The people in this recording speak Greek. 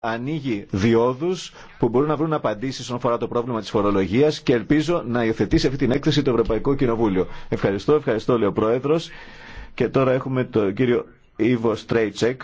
ανοίγει διόδους που μπορούν να βρουν απαντήσει όσον αφορά το πρόβλημα της φορολογίας και ελπίζω να υιοθετήσει αυτή την έκθεση το Ευρωπαϊκό Κοινοβούλιο. Ευχαριστώ, ευχαριστώ λέει ο Πρόεδρος. Και τώρα έχουμε τον κύριο Ιβο Στρέιτσεκ